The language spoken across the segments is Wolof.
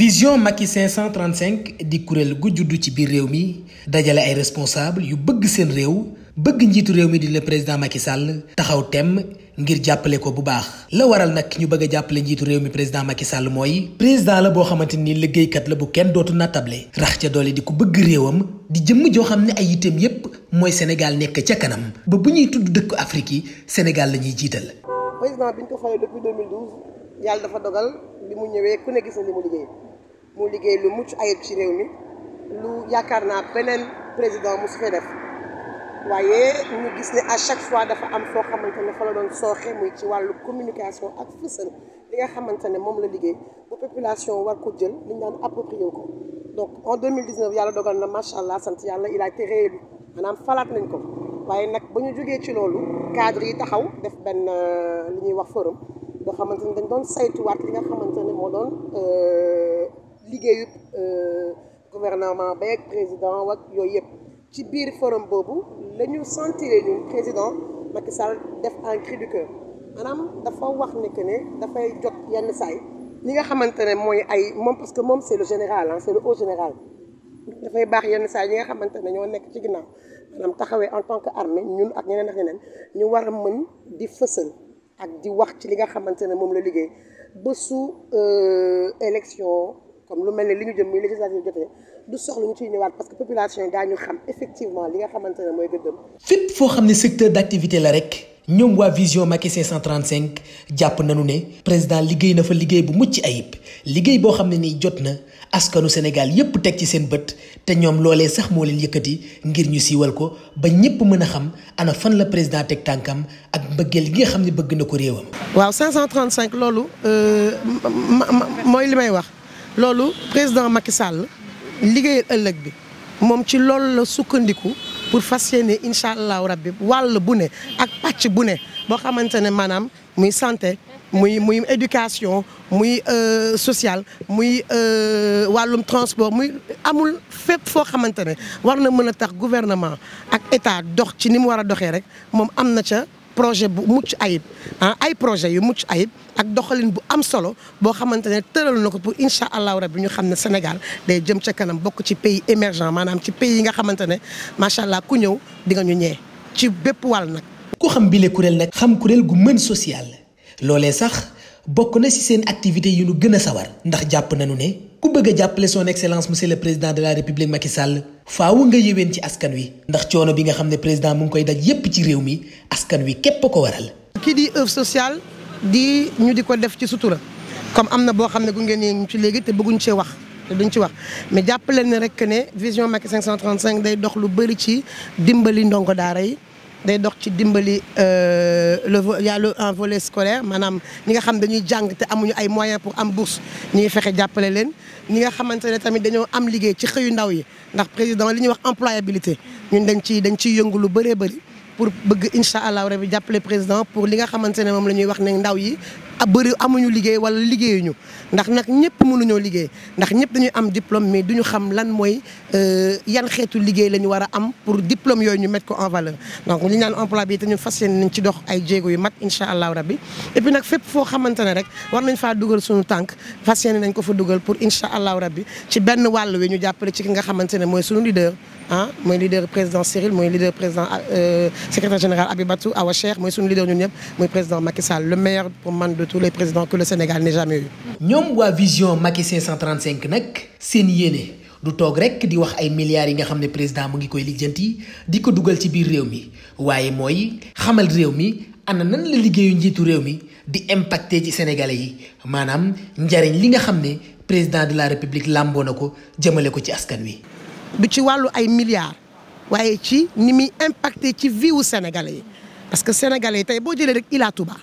vision Macky 535 di kuréel gu judd ci biir réew mi dajale ay responsable yu bëgg seen réew bëgg njiitu réew mi di le président Macky Sall taxaw temm ngir jàppale ko bu baax la waral nag ñu bëgg a jàppale njiitu réew mi président Macky Sall mooy président la boo xamante ni liggéeykat la bu kenn dootu nattable rax ca doole di ko bëgg réewam di jëmm joo xam ne ay yiteem yépp mooy Sénégal nekk ca kanam ba bu ñuy tudd dëkku Afrique yi Sénégal la ñuy jiital. président mu liggéey lu mucc ayib ci réew mi lu yaakaar naa beneen président mu su fee def waaye ñu gis ne à chaque fois dafa am foo xamante ne fa la doon sooxe muy ci wàllu communication ak fësal li nga xamante ne moom la liggéey bu population war ko jël li ñu naan approprié ko donc en 2019 yàlla dogal na macha allah sant yàlla il a été réélu falaat nañ ko waaye nag ba ñu jógee ci loolu cadre yi taxaw def benn euh, li ñuy wax forum boo xamante ne dañ doon saytuwaat li nga xamante moo doon. Euh, liggéeyu euh, gouvernement ba ak président wak yooyu yëpp ci biir forum boobu la ñu sentir ñun président Macky Sall def en cri du cœur maanaam dafa wax ne que ne dafay jot yenn saay ñi nga xamante ne mooy ay moom parce que moom c' est le général ah c' est général dafay baax yenn saa yi nga xamante ne ñoo nekk ci ginnaaw maanaam taxawee en tant que armée ñun ak ñeneen ak ñeneen ñu war a mën di fësal ak di wax ci li nga xamante ne moom la liggéey ba su euh, élection comme lu mel ne li ñu jëm muy législative jotee du soxla ñu ciy ñëwaat parce que population daañu xam effectivement li nga xamante ne mooy gëddëm. fépp foo xam ne secteur d'activité la rek ñoom waa vision Macky 535 jàpp nañu ne président liggéey na fa liggéey bu mucc ayib liggéey boo xam ne nii jot na askanu Sénégal yépp teg ci seen bët te ñoom loolee sax moo leen yëkkati ngir ñu siiwal ko ba ñépp mën a xam ana fan la président teg tànkam ak mbëggeel gi xam ne bëgg na ko réewam. waaw 535 loolu euh, mooy li may wax. loolu président Macky Sall liggéeyal ëllëg bi moom ci loolu la sukkandiku pour fas yéene incha allahu rabbi wàll bu ne ak pàcc bu ne boo xamante ne maanaam muy santé muy muy éducation muy euh, social muy euh, wàllum transport muy amul fépp foo xamante ne war na mën a tax gouvernement ak état dox ci ni mu war a doxee rek moom am na ca. projet bu mucc ayib ah ay projet yu mucc ayib ak doxalin bu am solo boo xamante ne tëral na ko pour incha allahu rabi ñu xam ne Sénégal day jëm ca kanam bokk ci pays émergent maanaam ci pays yi nga xamante ne macha allah ku ñëw di nga ñu ñee ci bépp wal nag. ku xam bile kuréel nag. xam kuréel gu mën social loolee sax. bokk na ci seen activité yi nu gën a sawar ndax jàpp nañu ne ku bëgg jàppale son excellence monsieur le président de la république Macky Sall faawu nga yéwén ci askan wi ndax coono bi nga xam ne président mu ngi koy daj yépp ci réew mi askan wi képp ko waral. kii di œuvre social di ñu di ko def ci sutura comme am na boo xam ne gu ngeen yéen ci léegi te bëgguñ cee wax. duñ ci wax mais jàppale ne rek ne vision Macky 535 day dox lu bëri ci dimbali ndongo daara yi day dox ci dimbali euh, le y le un volet scolaire maanaam ñi nga xam dañuy jàng te amuñu ay moyens pour am bourse ñuy fexe jàppale leen ñi nga xamante ne tamit dañoo am liggéey ci xëyu ndaw yi ndax président li ñuy wax employabilité ñun dañ ciy dañ ciy yëngu lu bëree bëri pour bëgg incha allah bi jàppale président pour li nga xamante ne moom la ñuy wax ne ndaw yi bëri amuñu liggéey wala liggéeyuñu ndax nag ñëpp mënuñoo liggéey ndax ñëpp dañuy am diplôme mais duñu xam lan mooy euh, yan xeetu liggéey lañu ñu war a am pour diplôme yooyu ñu mettre ko en valeur donc li naan employabilité ñun fas yéene nañ ci dox ay jéego yu mat incha allahu rabbi et puis nag foo xamante ne rek war nañ faa dugal suñu tànk fas yéene nañ ko fa dugal pour incha allahu rabbi ci benn wàll wi ñu jàppale ci ki nga xamante ne mooy suñu leader ah mooy leader président Cyril mooy leader président euh, secrétaire général Abibatou Awa Cheikh mooy suñu leader ñun tous les présidents que le Sénégal n'ait jamais eu. ñoom waa vision Macky 535 nag seen yéene du toog rek di wax ay milliards yi nga xam ne président mu ngi koy lijjanti di ko dugal ci biir réew mi waaye mooy xamal réew mi am na nan la liggéeyu njiitu réew mi di impacté ci sénégalais yi maanaam njariñ li nga xam ne président de la république làmboo na ko jëmale ko ci askan wi. du ci wàllu ay milliards waaye ci ni muy impacté ci vie wu yi parce que sénégalais tey boo jëlee rek Ila Touba.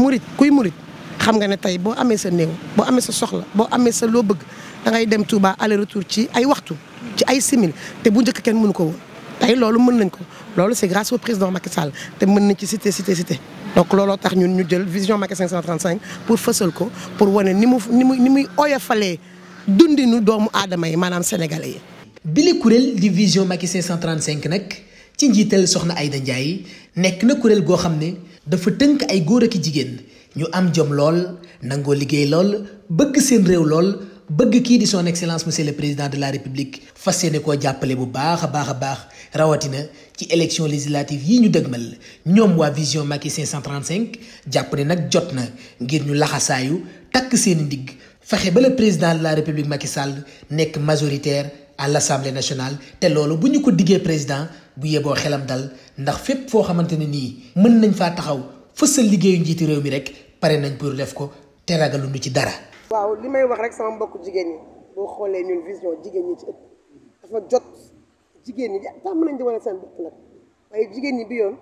murit kuy murit xam nga ne tey boo amee sa néew boo amee sa soxla boo amee sa loo bëgg da dem Touba aller retour ci ay waxtu ci ay simil te bu njëkk kenn mënu ko woon tey loolu mën nañ ko loolu c'est grâce au président Macky Sall te mën nañ ci cité cité cité donc looloo tax ñun ñu jël vision Macky 535 pour fësal ko pour wane ni mu ni mu ni muy oyofalee dundinu doomu aadama yi maanaam sénégalais yi. bile kuréel di vision Macky 535 nag ci njiital soxna Aïda Ndiaye nekk na kuréel goo xam ne. dafa tënk ay góor ak i jigéen ñu am jom lool nangoo liggéey lool bëgg seen réew lool bëgg kii di son excellence monsieur le président de la république fas yéene koo jàppale bu baax a baax a baax rawatina ci élection législative yi ñu dëgmal ñoom waa vision Macky 535 jàpp ne nag jot na ngir ñu laxasaayu takk seen ndigg fexe ba le président de la république Macky sàll nekk majoritaire à l'Assemblée nationale te loolu bu ñu ko diggee président bu yeboo xelam dal ndax fépp foo xamante ne nii mën nañ faa taxaw fësal liggéeyu njiitu réew mi rek pare nañ pour def ko te ragaluñu ci dara. waaw li may wax rek sama mbokk jigéen ñi boo xoolee ñun vision jigéen ñi ci ëpp dafa jot jigéen ñi tàmm nañ di wane seen jigéen ñi bi yoon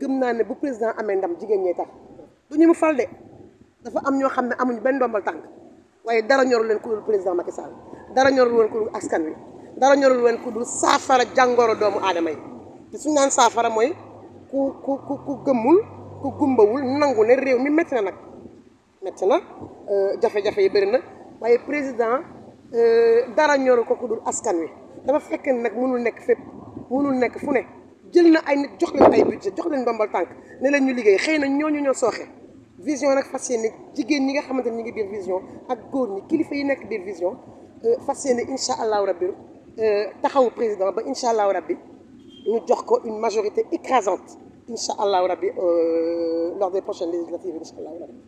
gëm naa ne bu président amee ndam jigéen ñee tax du ñu mu fal dafa am ñoo xam ne amuñu benn ndombal tànk waaye dara ñorul leen ku président Macky Sall dara ñorul leen ku askan wi dara ñorul ween ku dul saafara jàngoro doomu aadama yi. te suñu naan saafara mooy ku ku ku gëmmul ku gumbawul nangu ne réew mi métti na nag métti na euh, jafe-jafe yi bëri na waaye président euh, dara ñoru ko ku dul askan wi dafa fekk ne nag mënul nekk fépp mënul nekk fu ne jël na ay nit jox leen ay budget jox leen ndombal tànk ne leen ñu liggéey xëy na ñooñu ñoo sooxee vision nag fas yéene jigéen ñi nga xamante ni ñu ngi biir vision ak góor ñi kilifa yi nekk biir vision euh, fas ni incha allahu rabbi taxawu président ba incha allahu rabbi ñu jox ko une majorité écrasante incha allahu rabi euh, lors des prochaines législatives incha allahu rabi